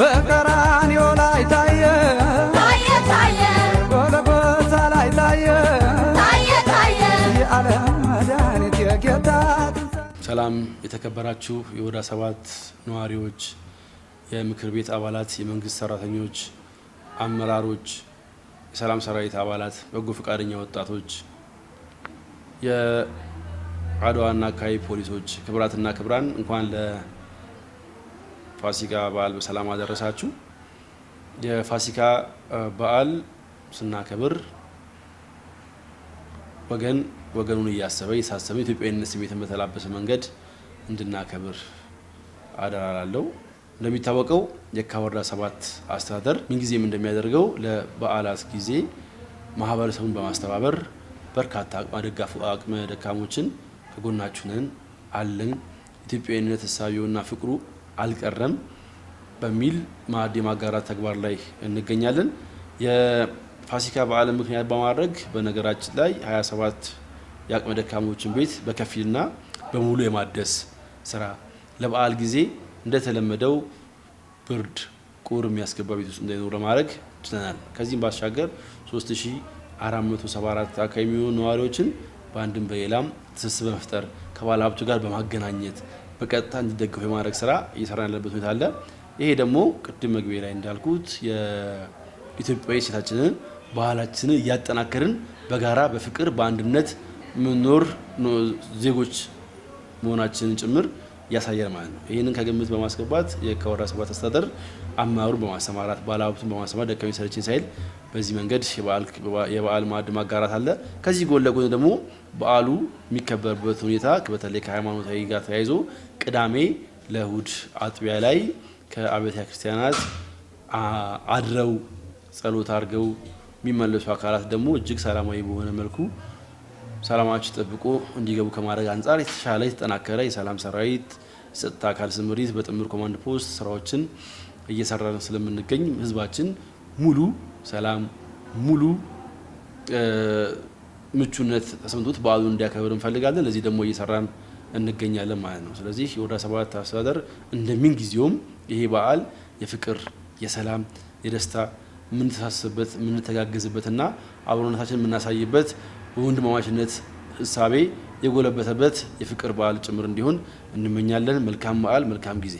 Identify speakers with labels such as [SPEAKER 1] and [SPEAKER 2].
[SPEAKER 1] በቀራንዮ ላይ ታየ ታየ ታየ ጎልጎታ ላይ ታየ ታየ ታየ የዓለም መድኃኒት የጌታ ሰላም የተከበራችሁ የወዳ ሰባት ነዋሪዎች፣ የምክር ቤት አባላት፣ የመንግስት ሰራተኞች፣ አመራሮች፣ የሰላም ሰራዊት አባላት፣ በጎ ፈቃደኛ ወጣቶች፣ የአድዋና አካባቢ ፖሊሶች፣ ክብራትና ክብራን እንኳን ፋሲካ በዓል በሰላም አደረሳችሁ። የፋሲካ በዓል ስናከብር ወገን ወገኑን እያሰበ እየሳሰበ ኢትዮጵያዊነት ስሜት በተላበሰ መንገድ እንድናከብር አደራላለው። እንደሚታወቀው የካ ወረዳ ሰባት አስተዳደር ምንጊዜም እንደሚያደርገው ለበዓላት ጊዜ ማህበረሰቡን በማስተባበር በርካታ አቅመ ደካሞችን ከጎናችሁ ነን አለን ኢትዮጵያዊነት እሳቢውና ፍቅሩ አልቀረም በሚል ማዕድ የማጋራት ተግባር ላይ እንገኛለን። የፋሲካ በዓልን ምክንያት በማድረግ በነገራችን ላይ 27 የአቅመ ደካሞችን ቤት በከፊልና በሙሉ የማደስ ስራ ለበዓል ጊዜ እንደተለመደው ብርድ ቁር የሚያስገባ ቤት ውስጥ እንዳይኖር ለማድረግ ችለናል። ከዚህም ባሻገር 3474 አካባቢ የሚሆኑ ነዋሪዎችን በአንድም በሌላም ትስስር በመፍጠር ከባለ ሀብቱ ጋር በማገናኘት በቀጥታ እንዲደግፉ የማድረግ ስራ እየሰራ ያለበት ሁኔታ አለ። ይሄ ደግሞ ቅድም መግቢያ ላይ እንዳልኩት የኢትዮጵያዊ ሴታችንን ባህላችንን እያጠናከርን በጋራ በፍቅር በአንድነት ምኖር ዜጎች መሆናችንን ጭምር ያሳያል ማለት ነው። ይህንን ከግምት በማስገባት የከወረዳ ሰባት አስተዳደር አመራሩን በማሰማራት ባለሀብቱን በማሰማራት ደከመኝ ሰለቸኝ ሳይል በዚህ መንገድ የበዓል ማዕድ ማጋራት አለ። ከዚህ ጎን ለጎን ደግሞ በዓሉ የሚከበርበት ሁኔታ በተለይ ከሃይማኖታዊ ጋር ተያይዞ ቅዳሜ ለእሁድ አጥቢያ ላይ ከአብያተ ክርስቲያናት አድረው ጸሎት አድርገው የሚመለሱ አካላት ደግሞ እጅግ ሰላማዊ በሆነ መልኩ ሰላማችሁ ጠብቆ እንዲገቡ ከማድረግ አንጻር የተሻለ የተጠናከረ የሰላም ሰራዊት ጸጥታ አካል ስምሪት በጥምር ኮማንድ ፖስት ስራዎችን እየሰራን ስለምንገኝ ህዝባችን ሙሉ ሰላም ሙሉ ምቹነት ተሰምቶት በዓሉን እንዲያከብር እንፈልጋለን። ለዚህ ደግሞ እየሰራን እንገኛለን ማለት ነው። ስለዚህ የወረዳ ሰባት አስተዳደር እንደምን ጊዜውም ይሄ በዓል የፍቅር የሰላም የደስታ የምንተሳሰብበት የምንተጋገዝበትና አብሮነታችን የምናሳይበት በወንድማማችነት እሳቤ የጎለበተበት የፍቅር በዓል ጭምር እንዲሆን እንመኛለን። መልካም በዓል፣ መልካም ጊዜ